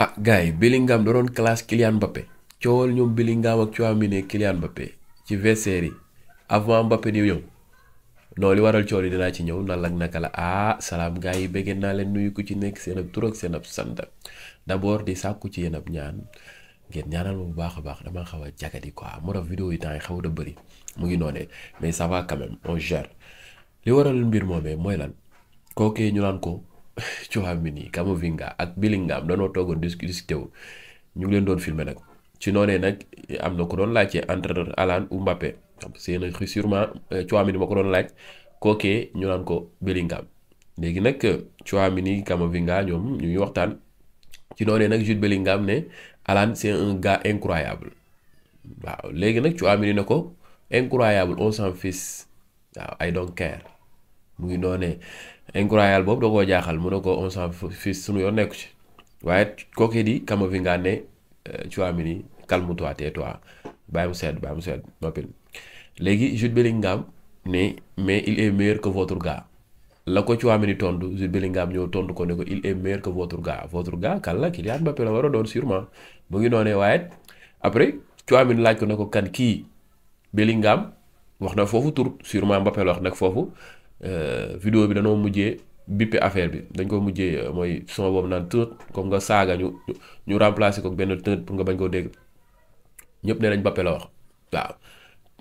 ah gars yi Bellingham da doon classe Kylian Mbappé coowal ñoom Bellingham ak Tchouaméni Kylian Mbappé ci vestiaire yi avant Mbappé di ñëw non li waral cool yi dinaa ci ñëw nan ak naka la ah salaam gars yi bëggee naa leen nuyu ku ci nekk seen ab tur ak seen ab sant d'abord di sàkku ci yéen ab ñaan ngeen ñaanal ma bu baax a baax damaa xaw a jagadi quoi moo tax vidéo yi temps yi xaw da bëri mu ngi noonee mais ça va quand li waral mbir moomee mooy lan kookee ñu naan ko. Tchouaméni Camavinga ak Bellingham danoo toogoon discuté wu ñu ngi leen doon filmer nag ci noonee nag am na ko doon laajte entre Haaland ou Mbappé seen sûrement euh, Tchouaméni ma ko doon laaj kookee ñu naan ko Bellingham léegi nag euh, Tchouaméni Camavinga ñoom ñu ngi waxtaan ci noonee nag Jude Bellingham ne Haaland c'est un incroyable waaw léegi nag Tchouaméni na ko incroyable on s'en fiche waaw I don't care mu ngi noonee incroyable boobu da koo jaaxal mu ne ko on s'en fiche yoon nekku ci waaye kooku di Camavinga ne euh, Tchouaméni calme-toi tais-toi bàyyi mu sedd bàyyi mu sedd noppil léegi Jude Bellingham ne mais il est meilleur que votre gars la ko Tchouaméni tontu Jude Bellingham ñëw tontu ko ne ko il est meilleur que votre gars votre gars kan la Kylian Mbappé la war a doon sûrement mu ngi noonee waaye après Tchouaméni laaj ko ne ko kan kii Bellingham wax na foofu tur sûrement Mbappé Euh, vidéo bi danoo mujjee bippi affaire bi dañ ko mujjee euh, mooy son boobu naan tëët comme nga saaga ñu ñu remplacer ko benn tëët pour nga bañ koo dégg ñëpp nee nañ Mbappé la wax waaw.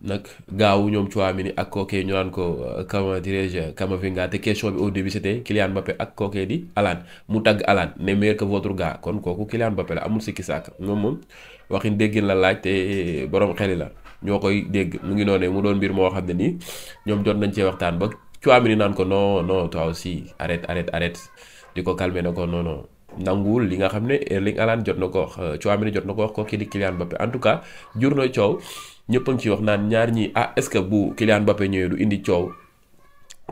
nag gaawu ñoom Tchouaméni ak kookee ñu naan ko euh, comment dirais-je Camavinga te question bi au début c'était Kylian Mbappé ak kookee di Alan mu tagg Alan ne meilleur que votre gars kon kooku Kylian Mbappé la amul sikki sàkk moom moom waxin déggin la laaj te borom xeli la ñoo koy dégg mu ngi noonee mu doon mbir moo ne nii ñoom jot nañ cee waxtaan ba Tchouaméni naan ko non non toi aussi arrête arrête arrête di ko calmer na ko non non nanguwul li nga xam ne Erling eh, alaan jot na ko wax euh, Tchouaméni jot na ko wax ko kii di Kylian Mbappé en tout cas jur na coow ñëpp a ngi ciy wax naan ñaar ñi ah est-ce que bu Kylian Mbappé ñëwee du indi coow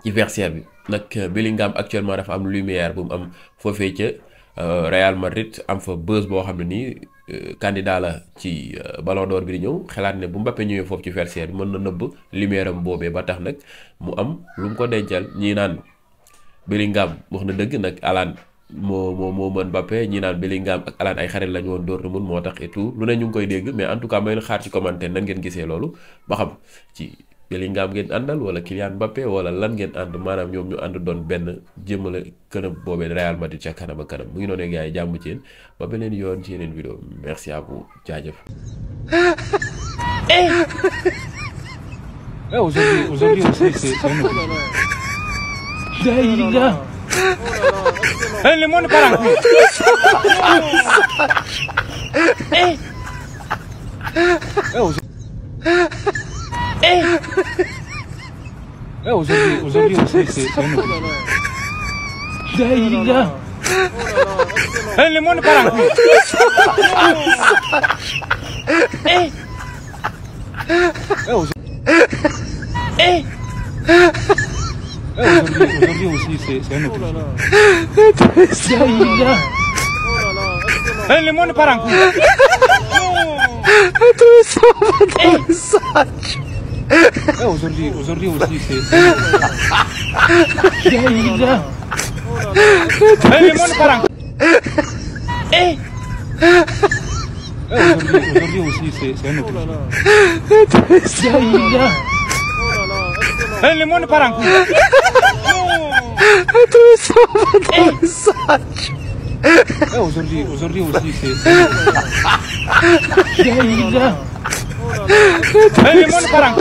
ci vestiaire bi nag euh, Bellingham actuellement dafa am lumière bu mu am foofee ca euh, Real Madrid am fa buzz boo xam ne nii. Euh, candidat la ci euh, ballon door bi di ñëw xalaat ne bu Mbappé ñëwee foofu ci Versailles mën na nëbb lumière am boobee ba tax nag mu am lu mu ko dencal ñii naan Bellingham wax na dëgg nag Alan moo moo moo mën Mbappé ñii naan Bellingham ak Alan ay xarit lañu woon Dortmund moo tax et tout lu ne ñu ngi koy dégg mais en tout cas may xaar ci commentaire nan ngeen gisee loolu ba xam ci Bellingham ngeen àndal wala Kylian Mbappé wala lan ngeen ànd maanaam ñoom ñu ànd doon benn jëmale kënëb boobee Real Madrid ca kanam kanam mu ngi noonu gars yi jàmm ci yéen ba beneen yoon ci yeneen vidéo merci à vous jaajëf. Eh, aujourd'hui, aujourd'hui aussi, c'est un oubli. Daïla. Hey, le monde part en couille. Hey. Hey. Aujourd'hui aussi, c'est un oubli. Daïla. Hey, le monde part en couille. Atravessava, atravessava. aujourd'hui, aujourd'hui aussi, c'est. Eh Aujourd'hui aussi, c'est un autre. Le monde part en couille. Non Aujourd'hui, aujourd'hui aussi, c'est. Le monde part en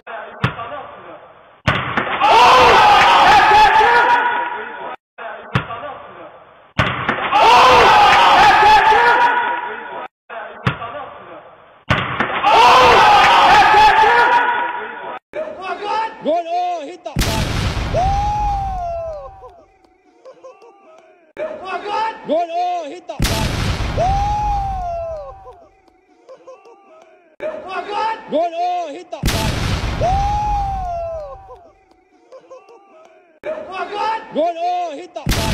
Good. Oh, hit that ball. Oh, Good. Oh, hit that ball.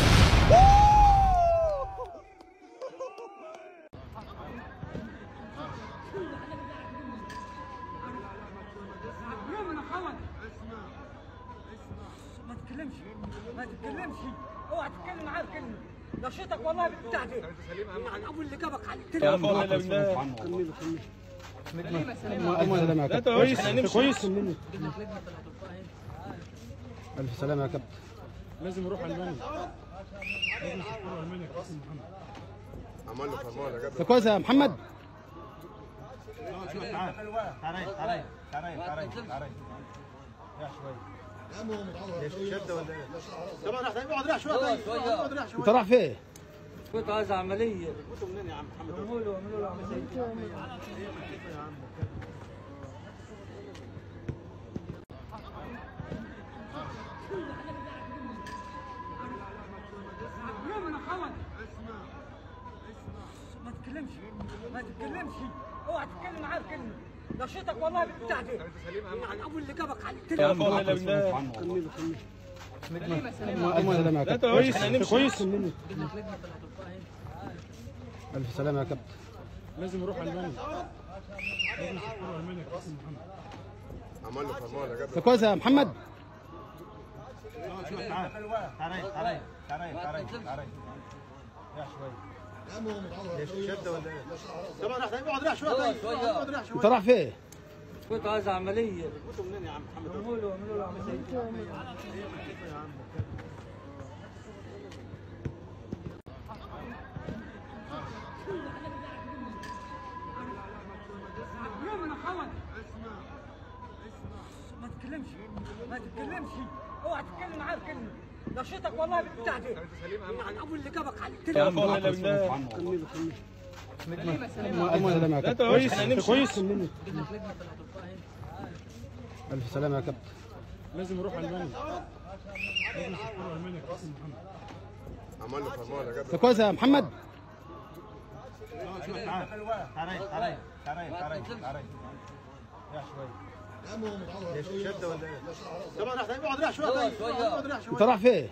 ما تتكلمش ما تتكلمش اوعى تتكلم معاه بكلمه نشيطك والله بتاعتي ابو اللي جابك على التليفون سلامة يا كابتن كويس ألف سلامة يا كابتن لازم نروح ألمانيا لازم نروح ألمانيا يا كابتن محمد عمل له كويس يا محمد تعال تعال تعال تعال تعال شوية شدة ولا ايه؟ طبعا راح تقعد راح شوية طيب اقعد راح شوية انت رايح فين؟ كنت عايز عمليه جيبوا منين يا عم محمد اعملوا اعملوا له عمليه اسمع اسمع ما تتكلمش ما تتكلمش اوعى تتكلم معاه بكلمه نشيطك والله بتاعتي سليم اهم حاجه اول اللي جابك على التليفون ألف سلامة يا كابتن كويس كويس ألف سلامة يا كابتن لازم نروح ألمانيا لازم نشوف كورة ألمانيا كأس محمد عمل له فرمان يا كابتن كويس يا محمد تعال تعال تعال تعال تعال شوية شدة ولا ايه؟ طبعا راح تقعد راح شوية طيب اقعد راح شوية انت رايح فين؟ كنت عايز عمليه جبتوا منين يا عم محمد؟ اعملوا اعملوا له عمليه اسمع اسمع ما تتكلمش ما تتكلمش اوعى تتكلم معاه بكلمه نشيطك والله بتاعتي يعني ابو اللي جابك عليك يا اخوان كويس كويس الف سلامه يا كابتن لازم نروح المانيا عملنا فرمان يا كابتن كويس يا محمد تعال تعال تعال تعال تعال يا شوي شده ولا ايه؟ طبعا راح تقعد راح شويه طيب اقعد راح شويه انت راح فين؟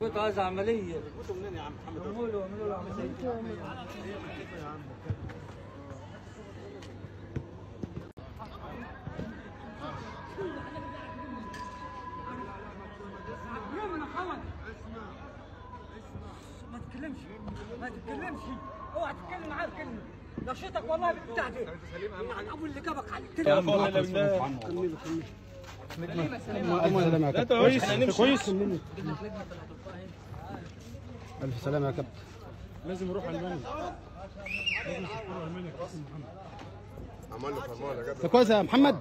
كنت عايز عمليه جبتوا منين يا عم محمد اعملوا اعملوا له عمليه اسمع اسمع ما تتكلمش ما تتكلمش اوعى تتكلم معاه بكلمه نشيطك والله بتاعتي انت سليم اهم حاجه ابو اللي جابك على التليفون سلامة يا كابتن كويس ألف سلامة يا كابتن لازم نروح ألمانيا لازم نروح ألمانيا كابتن محمد عمل له يا كويس يا محمد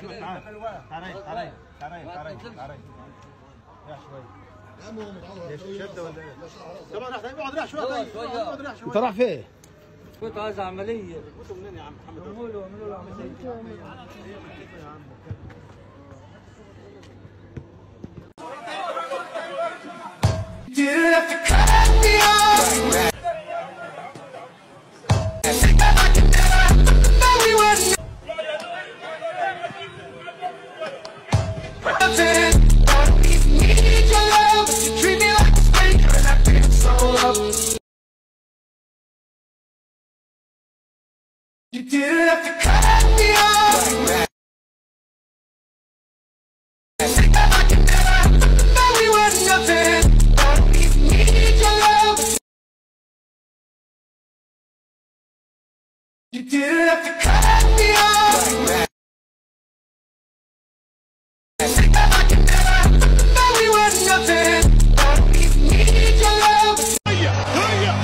تعال تعال تعال تعال تعال شوية شدة ولا ايه؟ طبعا راح تقعد راح شوية طيب اقعد راح شوية انت رايح فين؟ كنت عايز عمليه بصوا منين يا عم محمد اعملوا اعملوا له عمليه Didn't have to cut me off. Did